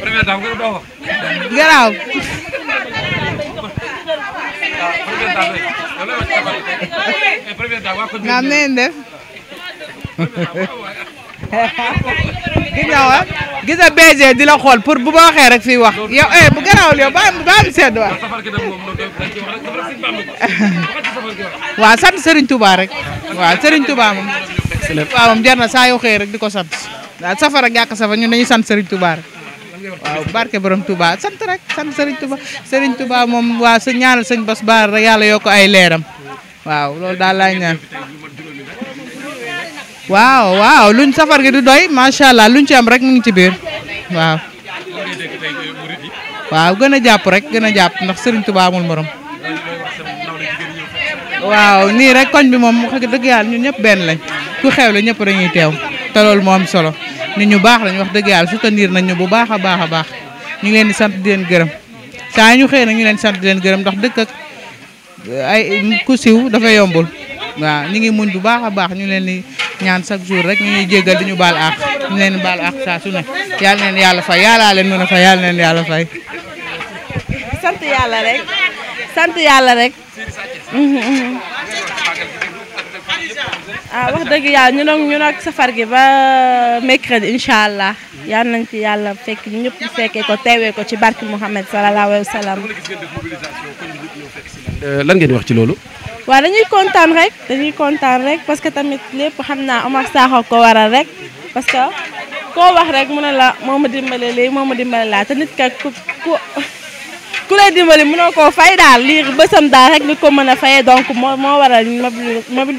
première dame gën a doon wax. garaaw. naam la xool pour bu ma waxee rek fii wax yow eh bu garaawul yow ba am ba am sedd waay. waaw sant Serigne Touba rek waaw Serigne Touba moom. waaw moom jar na saa yoo xëyee rek di ko sant. waaw safara ñàkk safara ñun dañuy sant Serigne Touba rek waaw barke borom Touba sant rek sant sëriñ Touba moom waa sa ñaanal sëñ Bass Baar rek yàlla yokk ay leeram waaw loolu daal laay ñaan. waaw waaw luñ safar gi du doy macha allah luñ ci am rek mu ngi ci biir waaw. gën a jàpp rek gën a jàpp ndax sëriñ Touba amul morom. waaw nii rek koñ bi moom wax dëgg yàlla ñun ñëpp benn lañ ku xewle ñëpp dañuy teew te loolu moo am solo. nit ñu baax lañ wax dëgg yàlla soutenir nañ ñu bu baax a baax a baax ñu ngi leen di sant di leen gërëm saa ñu xëy na ñu leen sant di leen gërëm ndax dëkk ak ay ku siw dafa yombul waaw ñu ngi muñ bu baax a baax ñu leen di ñaan chaque jour rek ñu ñuy jéggal di ñu baal àq ñu leen baal àq saa su ne yàlla neen yàlla fay yàllaa leen mën a fay yàlla neen yàlla fay. sant yàlla rek. ah wax dëgg yàlla ñu nag ñu nag safar gi ba mercredi incha allah yal nañ ci yàlla fekk ñu ñëpp fekkee ko teewee ko ci barke Mouhamed sallallahu alayhi wa sallam. Euh, lan ngeen wax ci loolu. waaw dañuy kontaan rek dañuy kontaan rek parce que tamit lépp xam naa Omar Sakho ko waral rek parce que ko wax rek mu ne la moom ma dimbale léegi moo ma dimbale laa te nit ka ku ku ku lay dimbali mënoo koo fay daal lii sam daal rek li ko mën a fayee donc moo moo waral mobil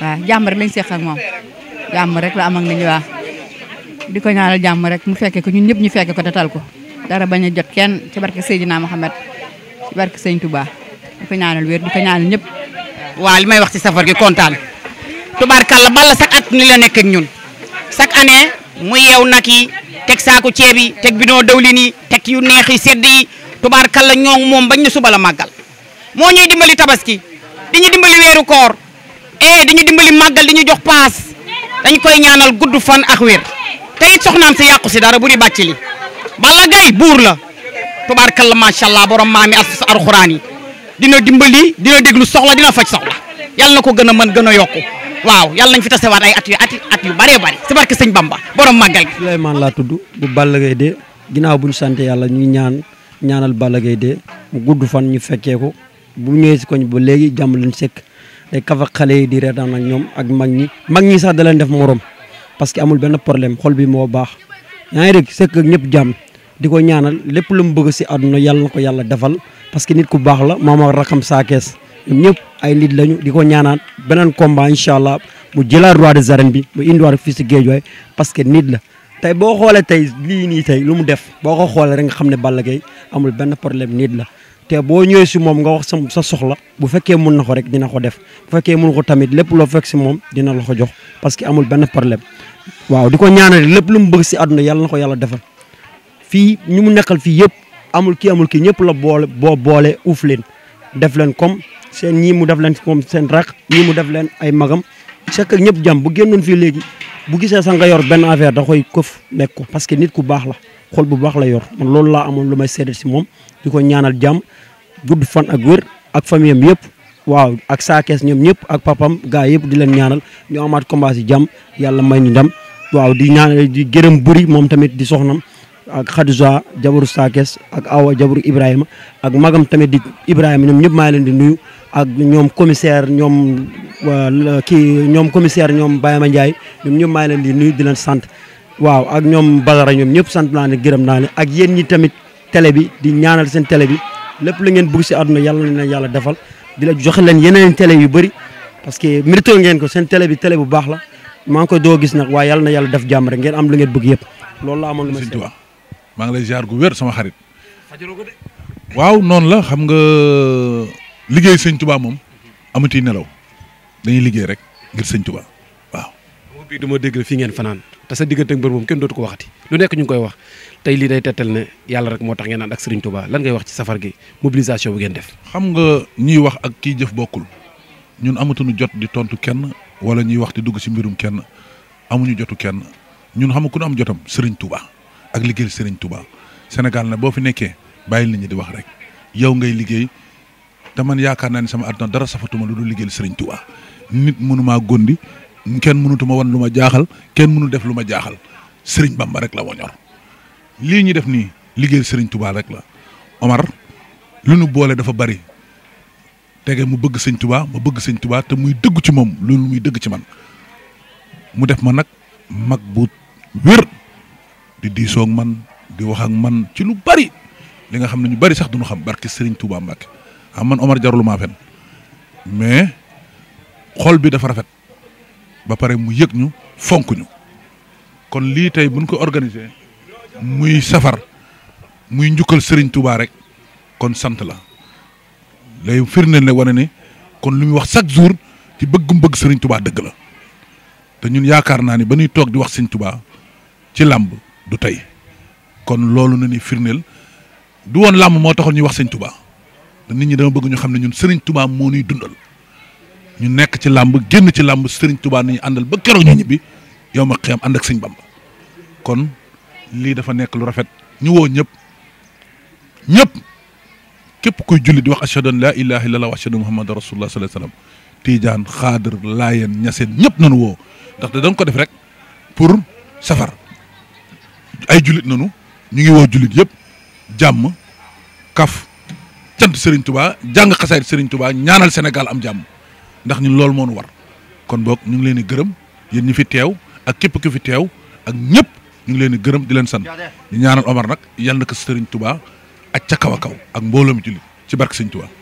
waaw jàmm rek lañ mau, ak moom jàmm rek lah. am ak nit ah. di ko ñaanal jàmm rek mu fekke ko ñun ñëpp ñu fekke ko te ko dara bañ jot kenn ci barke ci nah, barke Touba di ko ñaanal wér di ko ñaanal ñëpp. waaw li wax ci safar gi kontaan tubaarkàlla balla Sak at ni la nekk ak ñun chaque année mu yeew nag yi teg saako ceeb yi teg bidon dawlin yi teg yu neex yi sedd yi tubaarkàlla bañ suba la ñuy dimbali tabaski di ñu dimbali weeru koor eh diñu dimbali magal diñu jox pass dañ koy ñaanal guddu fan ak wér te it soxnaam si yàqu si dara bu di bacci li bala gay bour la tubaarkalla macha allah borom maami as sa alxuraan dina dimbali dina deglu soxla dina fajj soxla yalla nako gëna gën a mën gën a waaw yalla nañ fi waat ay at yu at at yu bari bari ci barke sëñ Bamba borom magal sulayman la tuddu bu Balla Gaye de ginaaw buñu santé yalla ñu ñaan ñaanal Balla Gaye de mu gudd fan ñu fekkee ko bu ñëw ci koñ bu légui jamm leen sekk day kaf yi di reetaan ak ñoom ak mag ñi mag ñi sax da leen def morom parce que amul benn problème xol bi moo baax ñaa ngi rek sekk ak ñëpp jàmm di ko ñaanal lépp lu mu bëgg si àdduna yàlla na ko yàlla defal parce que nit ku baax la maam ak rakam saakees ñëpp ay nit lañu di ko ñaanaan beneen combat incha allah mu jëlaat roi des arènes bi mu indiwaat fii si géej waay parce que nit la tey boo xoolee tey lii nii tey lu mu def boo ko xoolee rek nga xam ne Balla Gaye amul benn problème nit la té bo ñëw si mom nga wax sa soxla bu féké mën na ko rek dina ko def bu féké mën ko tamit lépp lo fék si mom dina la ko jox parce que amul ben problème waaw di ñaanal lépp lu mu bëgg ci fi yalla nako yalla yep defal ñu mu nekkal fi yépp amul ki amul ki ñëpp la boole bo boole uuf leen def leen comme seen ñi mu def leen comme seen rak ñi mu def leen ay magam chaque ñëpp jam bu génnoon fi légui bu gisé sa nga yor ben affaire da koy keuf nekk parce que nit ku bax la xol bu baax la yor man loolu laa amoon lu may seede si moom di ko ñaanal jàmm gudd fan ak wér ak famille am waaw ak saakees ñoom ñëpp ak papam gaa yëpp di leen ñaanal ñu amaat combat jàmm yàlla may ni ndam waaw di ñaanal di gërëm buri moom tamit di soxnam ak Khadija jabaru saakees ak Awa jabaru Ibrahima ak magam tamit di Ibrahima ñoom ñëpp maa leen di nuyu ak ñoom commissaire ñoom kii ñoom commissaire ñoom Bayama Ndiaye ñoom ñëpp maa leen di nuyu di leen sant waaw ak ñoom Badara ñoom ñëpp sant naa ne gërëm naa ne ak yéen ñi tamit télé bi di ñaanal seen télé bi lépp lu ngeen bugg si àdduna yàlla na leen yàlla defal di la joxe leen yeneen télé yu bëri parce que mérité ngeen ko seen tele bi télé bu baax la maa ngi koy doo gis nag waaye yàlla na yàlla def jàmm rek ngeen am lu ngeen bëgg yëpp loolu la amoon lu ma sëñ Tuubaa maa ngi lay ziar gu wér sama xarit waaw noonu la xam nga liggéey sëñ Tuubaa moom amati nelaw dañuy liggéey rek ngir sëñ Tuubaa bii du ma dégg fi ngeen fanaan te sa diggante ak mbër moom kenn dootu ko waxati lu nekk ñu ngi koy wax tey lii day tettal ne yàlla rek moo ngeen ànd ak Serigne Touba lan ngay wax ci safar gi mobilisation bu ngeen def. xam nga ñuy wax ak kii jëf bokkul ñun amatuñu jot di tontu kenn wala ñuy wax di dugg si mbirum kenn amuñu jotu kenn ñun xam ku am jotam Serigne Touba ak liggéeyal Serigne Touba Sénégal na boo fi nekkee bàyyi nit ñi di wax rek yow ngay liggéey te man yaakaar naa sama dara safatuma lu dul liggéeyal Serigne Touba nit gondi Mungkin mënutuma wan luma ma jaaxal ken mënu def Sering ma jaaxal sëriñ Bamba rek la woñor li ñi def ni liggéey serigne Touba rek la Omar lu ñu boole dafa bari tege mu bëgg serigne Touba ma bëgg serigne Touba te muy dëgg ci mom lu muy dëgg ci man mu def ma nak mag bu wër di ak man di wax ak man ci lu bari li nga xamni ñu bari sax duñu xam barki serigne Touba Mbacke am ah, man Omar jarul ma fen mais xol bi dafa rafet. ba pare mu yëg ñu fonk ñu kon lii tey buñ ko organiser muy safar muy njukkal sëriñ tubaa rek kon sant la lay firndeel ne wane ni kon lu muy wax chaque jour ci bëggum bëgg sëriñ tubaa dëgg la te ñun yaakaar naa ne ba ñuy toog di wax Serigne tubaa ci làmb du tey kon loolu na ni firndeel du woon làmb moo taxal ñu wax Serigne tubaa te nit ñi dama bëgg ñu xam ne ñun Serigne Touba moo ñuy dundal. ñu nekk ci lamb genn ci lamb Serigne Touba ni andal ba keroog ñu yowma xiyam ak Bamba kon li dafa nekk lu rafet ñu wo ñep ñep kep koy julli di wax ashhadu la ilaha illallah wa ashhadu muhammadar rasulullah sallallahu alaihi wasallam tidiane khadir layen ñaseen ñep nañ wo ndax da nga ko def rek pour safar ay julit nanu ñu ngi wo julit yep kaf cant Serigne Touba jang xassay Serigne Touba ñaanal senegal am jam. ndax ñun loolu moonu war kon boog ñu ngi leen di gërëm yéen ñi fi teew ak képp ku fi teew ak ñëpp ñu ngi leen di gërëm di leen sant di ñaanal Omar nag yal na ko Serigne tubaa ak ca kaw a kaw ak mbooloo mi jullit ci barke Serigne Touba.